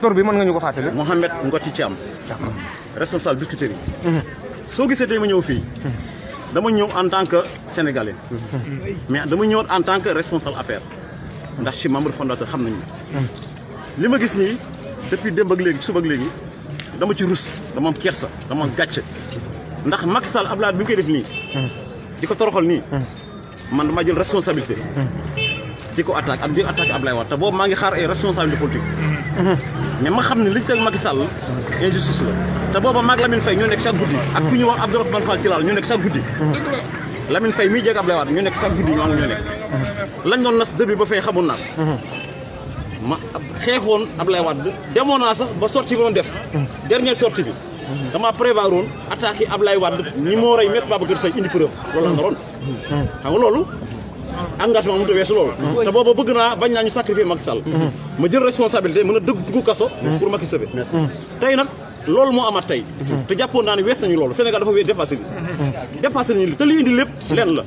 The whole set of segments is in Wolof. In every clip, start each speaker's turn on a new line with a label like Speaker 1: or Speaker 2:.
Speaker 1: tant bi mën nga ñu ko fàttali. Mouhamed Ngoti Thiam. responsable biscuiterie soo gisee tey ma ñëw fii. dama ñëw en tant que sénégalais. mais dama ñëw en tant que responsable APR. ndax ci membre fondateur xam nañu li ma gis nii depuis démb ak léegi suba ak léegi dama ci rus dama am kersa dama am gàcce. ndax Macky Sall Abdoulaye bi mu def nii. di ko toroxal nii. man dama jël responsabilité. di ko attaque ak di attaque Abdoulaye Wade te boobu maa ngi xaar ay responsabilité politique. mais ma xam ne liñ teg Macky Sall injustice la te booba maag Lamine Faye ñoo nekk chaque guddi. ak ku ñu wax Abdourahmane Fall Tilal ñoo nekk chaque guddi. Lamine Faye miy jéeg Abdoulaye Wade ñoo nekk chaque guddi ñoo am ñoo nekk. lañ doon nas début ba fay xamoon naa ma xeexoon Abdoulaye Wade demoon naa sax ba sortie bi doon def. dernière sortie bi. dama prévoir woon. attaqué Ablaye Wade ni moo rey Maître Babacar Seye indi preuve loolu la naroon xam nga loolu engagement mu ta weesu loolu te booba bëgg naa bañ naa ñu sacrifier Macky Sall mm-hmm. ma jël responsabilité mën a dëgg dugg kaso mm-hmm. pour Macky Sall mm-hmm. tey nag loolu moo amaat tey te jàppoon naa ne wees nañu loolu Sénégal dafa wee dépassé ni dépassé nañu li te li indi lépp leen la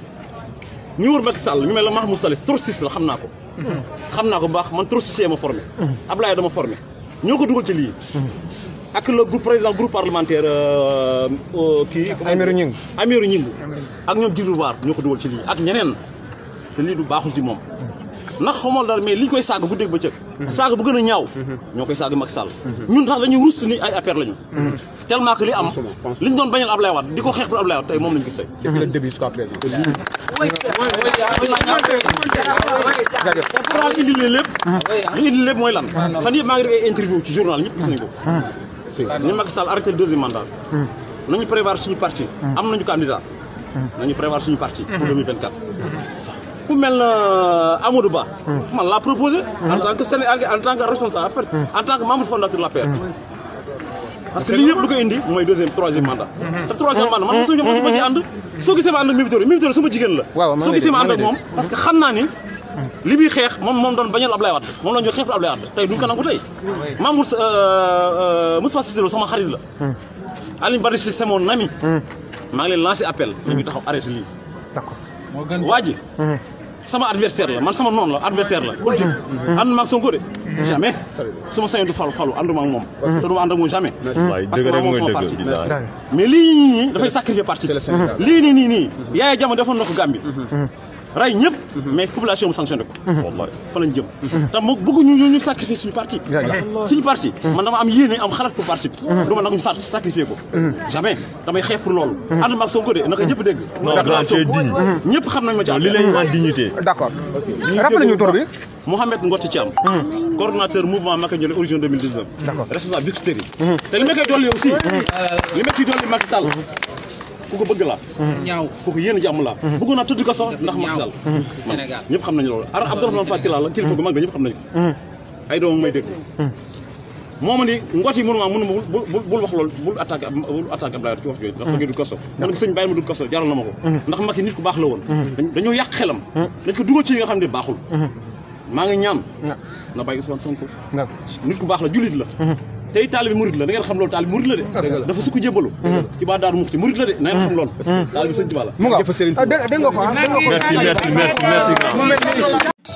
Speaker 1: ñu wër Macky Sall ñu mel la Mahmoud Saleh trotskiste la xam naa ko xam naa ko baax man trotskiste ma formé Ablaye dama formé ñoo ko dugal lii ak le groupe président groupe parlementaire euh, euh, kii. Aymérou Gningue Aymérou Gningue. ak ñoom Djibril War ñoo ko dugal ci lii ak ñeneen te lii du baaxul ci moom. ndax xamal daal mais li ñu koy saaga guddeeg bëccëg saaga bu gën a ñaaw ñoo koy saaga Macky Sall ñun sax dañuy rus ni ay affaire lañu tellement que li am li ñu doon bañal Ablaye Wade di ko xeex pour Ablaye Wade tey moom lañu gis tey depuis hmm. ni Macky Sall arrêté le deuxième mandat hmm. nañu prévoir suñu parti hmm. am nañu candidat nañu prévoir suñu parti pour ku mel na euh, Amadou Ba. Hmm. man laa proposé. Hmm. en tant que Sénégal en tant que responsable hmm. en tant que membre parce que li ñëpp lu ko indi mooy deuxième troisième mandat. troisième mandat man mosu ma ci ànd. soo gisee ma suma jigéen la. waaw soo ma ànd ak moom parce que xam naa ni. li muy xeex moom moom doon bañal Ablaye Wade moom la ñu xeex Ablaye Wade tey duñ ko nangu tey. Mamour euh, euh, Moustapha Cissé Lo sama xarit la. Alioune Badara Cissé c'est mon ami. maa ngi leen lancé appel. ñu taxaw arrêté lii. d'accord sama adversaire la man sama noon la adversaire la ultime ànd maag Sonko de jamais suma sañoon du falu falu ànduma ak moom te duma ànd ak moom jamais parce que moom sama parti mais lii nii dafay sacrifier parti lii nii nii nii Yaya Jammeh defoon na ko Gambie mhm. Mhm. ray ñëpp. mais population bi sanctionné ko. wallaahi fa lañ jëm. ñu ñu sacrifier suñu parti. suñu parti. man dama am yéene am xalaat pour parti hmm. du ma nag ñu sa sacrifier ko. Hmm. jamais damay xeex pour loolu. ànd hmm. maag Sonko de naka ñëpp dégg. non grand c'est digne. ñëpp xam nañ ma am li lañ en dignité. d'accord rappelé ñu tur bi. Mouhamed Ngoti Thiam. coordonnateur mouvement Maka Ndiolé origine te li ma koy dolli aussi. li ma ciy dolli Macky Sall. ku ko bëgg la ñaaw ku ko yéen jàmm a mhm. bëggoon naa tudd ko sax ndax Macky Sall mhm. Sénégal xam nañu loolu ar Abdourahmane Faty Tall la kilifa gu mag la ñëpp xam nañu mhm. ay doomam may dégg moo ma ni ngoot yi mënuma mënuma bul bul wax loolu bul attaqué bul attaqué Abdoulaye ci wax jooju ndax bëggee du kaso man ko sëñ bàyyi ma du kaso jaral na ma ko ndax Macky nit ku baax la woon dañoo yàq xelam dañ ko a ci nga xam ne baaxul maa ngi ñaan na bàyyi nit ku baax la jullit la tey taalibi murid la na ngeen xam loolu taalibi murid la de dafa sukk jébbalu la de na xam loolu taalibi sëñ Tuubaa la mu